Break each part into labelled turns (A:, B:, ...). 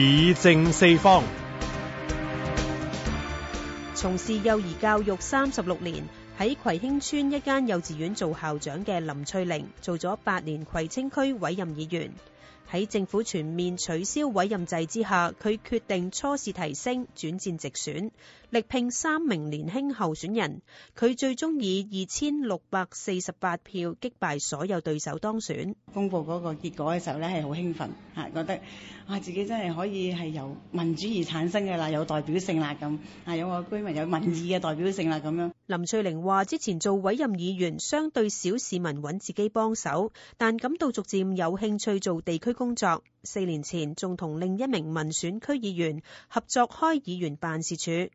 A: 議政四方。
B: 從事幼兒教育三十六年，喺葵興村一間幼稚園做校長嘅林翠玲，做咗八年葵青區委任議員。喺政府全面取消委任制之下，佢決定初試啼聲，轉戰直選，力拼三名年輕候選人。佢最終以二千六百四十八票擊
C: 敗所有對手當選。公布嗰個結果嘅時候咧，係好興奮，覺得啊自己真係可以係由民主而產生嘅啦，有代表性啦咁啊，有我居民的有民意嘅代表性啦咁樣。林翠玲話：之前做委任議員相對少市民揾
B: 自己幫手，但感到逐漸有興趣做。地區工作四年前仲同另一名民選區議員合作開議員辦事處，學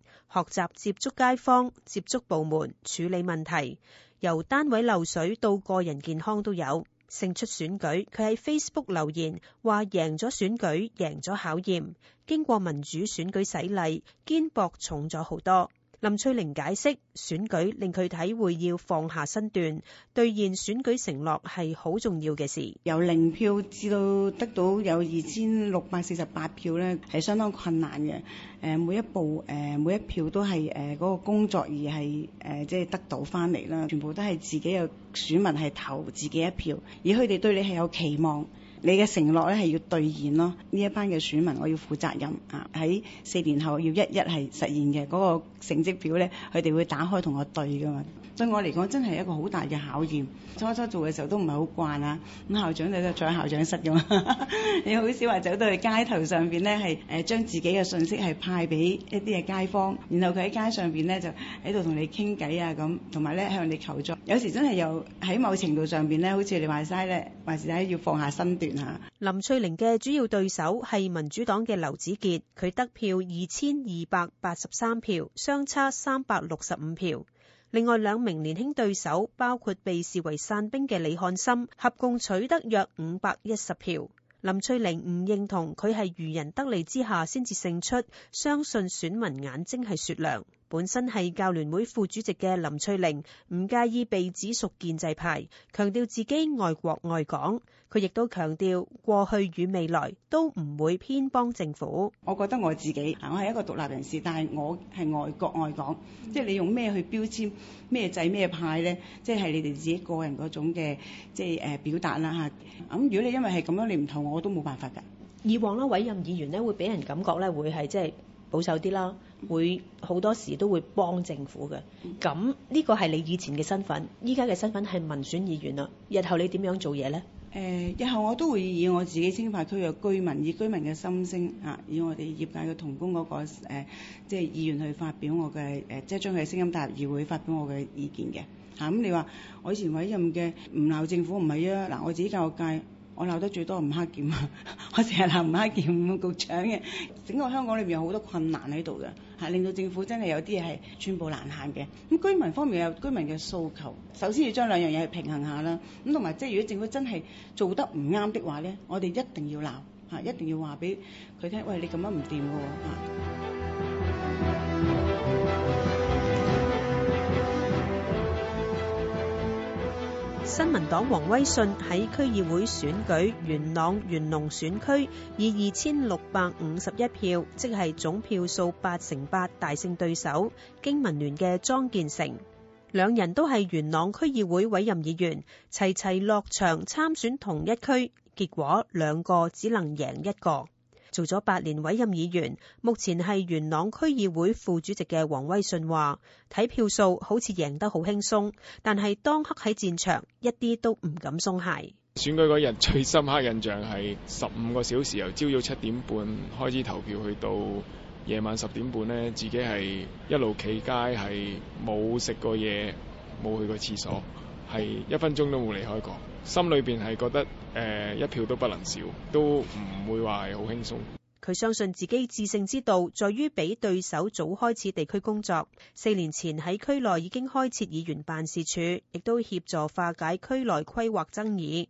B: 習接觸街坊、接觸部門、處理問題，由單位漏水到個人健康都有。勝出選舉，佢喺 Facebook 留言話：贏咗選舉，贏咗考驗，經過民主選舉洗禮，肩膊重咗好多。林翠玲解釋，選舉令佢體會要放下身段，兌現選舉
C: 承諾係好重要嘅事。由零票至到得到有二千六百四十八票咧，係相當困難嘅。每一步每一票都係嗰個工作而係即係得到翻嚟啦，全部都係自己嘅選民係投自己一票，而佢哋對你係有期望。你嘅承諾咧係要兌現咯，呢一班嘅選民，我要負責任啊！喺四年後，要一一係實現嘅嗰個成績表咧，佢哋會打開同我對噶嘛。對我嚟講，真係一個好大嘅考驗。初初做嘅時候都唔係好慣啊。咁校長你就坐喺校長室噶嘛， 你好少話走到去街頭上邊咧，係誒將自己嘅信息係派俾一啲嘅街坊，然後佢喺街上邊咧就喺度同你傾偈啊咁，同埋咧向你求助。有時真係又喺某程度上邊咧，好似你話齋咧，還是要放下身段。林翠玲嘅主要對手係
B: 民主黨嘅劉子杰，佢得票二千二百八十三票，相差三百六十五票。另外兩名年輕對手，包括被視為散兵嘅李漢森，合共取得約五百一十票。林翠玲唔認同佢係漁人得利之下先至勝出，相信選民眼睛係雪亮。本身係教聯會副主席嘅林翠玲，唔介意被指屬建制派，強調
C: 自己愛國愛港。佢亦都強調過去與未來都唔會偏幫政府。我覺得我自己，我係一個獨立人士，但係我係愛國愛港。即係你用咩去標籤咩制咩派咧？即係係你哋自己個人嗰種嘅即係誒表達啦嚇。咁如果你因為係咁樣，你唔同我都冇辦法㗎。以往啦，委任議員咧，會俾人感覺咧會係即係保守啲啦。會好多時都會
B: 幫政府嘅，咁呢個係你以前嘅身份，依家嘅身份係民選議員啦。日後
C: 你點樣做嘢咧？誒、呃，日後我都會以我自己清發區嘅居民，以居民嘅心聲啊，以我哋業界嘅同工嗰、那個、呃、即係議員去發表我嘅誒、呃，即係將佢嘅聲音帶入議會，發表我嘅意見嘅嚇。咁、啊嗯、你話我以前委任嘅唔鬧政府，唔係啊嗱，我自己教界。我鬧得最多吳克儉啊！ 我成日鬧吳克儉啊，局長嘅整個香港裏面有好多困難喺度嘅，嚇令到政府真係有啲嘢係全部難行嘅。咁居民方面有居民嘅訴求，首先要將兩樣嘢去平衡下啦。咁同埋即係如果政府真係做得唔啱的話咧，我哋一定要鬧嚇，一定要話俾佢聽，喂，你咁樣唔掂嘅喎。新民黨
B: 黃威信喺區議會選舉元朗元龍選區以二千六百五十一票，即係總票數八成八大勝對手經民聯嘅莊建成。兩人都係元朗區議會委任議員，齊齊落場參選同一區，結果兩個只能贏一個。做咗八年委任議員，目前係元朗區議會副主席嘅黃威信話，睇票數好似贏得好輕鬆，但係當刻喺戰場一啲都唔敢鬆懈。
A: 選舉嗰日最深刻印象係十五個小時，由朝早七點半開始投票，去到夜晚十點半咧，自己係一路企街係冇食過嘢，冇去過廁所。係一分鐘都冇離開過，心裏邊係覺得誒、呃、一票都不能少，都唔會話係好輕鬆。
B: 佢相信自己致勝之道在於俾對手早開始地區工作，四年前喺區內已經開設議員辦事處，亦都協助化解區內規劃爭議。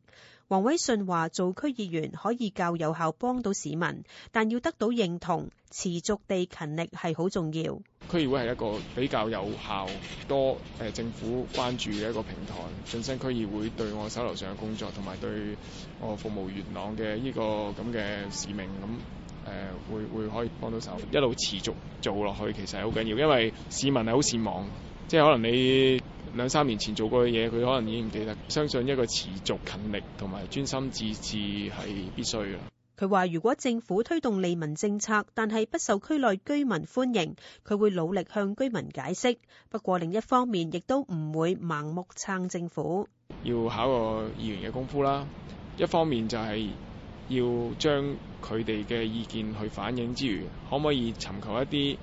B: 黃偉信話做區議員可以較有效幫到市民，但要得到認同，持續地勤力係好重要。
A: 區議會係一個比較有效、多誒、呃、政府關注嘅一個平台。晉升區議會對我手頭上嘅工作，同埋對我服務元朗嘅呢、這個咁嘅使命，咁、呃、誒會會可以幫到手，一路持續做落去，其實係好緊要，因為市民係好善忘，即係可能你。兩三年前做過嘅嘢，佢可能已經唔記得。相信一個持續勤力同埋專心致志係必須嘅。佢話：如果政府
B: 推動利民政策，但係不受區內居民歡迎，佢會努力向居民解釋。不過另一方面，亦都唔會盲目撐政府。
A: 要考個議員嘅功夫啦。一方面就係要將佢哋嘅意見去反映之餘，可唔可以尋求一啲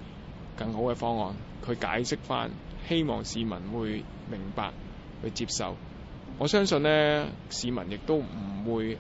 A: 更好嘅方案去解釋翻？希望市民會明白，去接受。我相信呢，市民亦都唔會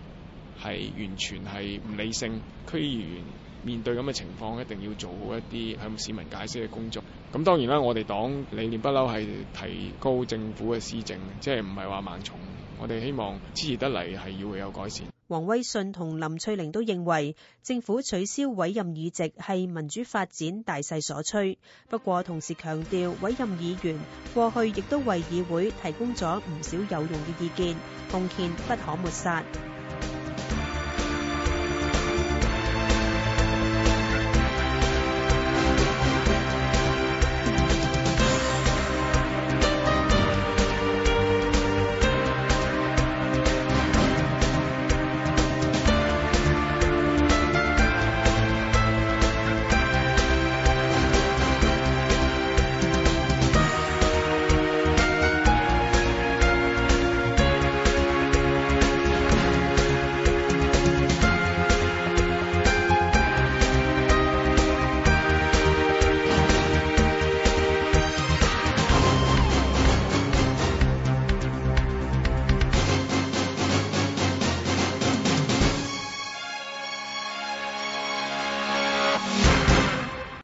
A: 係完全係唔理性。區議員面對咁嘅情況，一定要做好一啲向市民解釋嘅工作。咁當然啦，我哋黨理念不嬲係提高政府嘅施政，即係唔係話盲從。我哋希望支持得嚟係要會有改善。
B: 黃威信同林翠玲都認為政府取消委任議席係民主發展大勢所趨，不過同時強調委任議員過去亦都為議會提供咗唔少有用嘅意見，貢獻不可抹殺。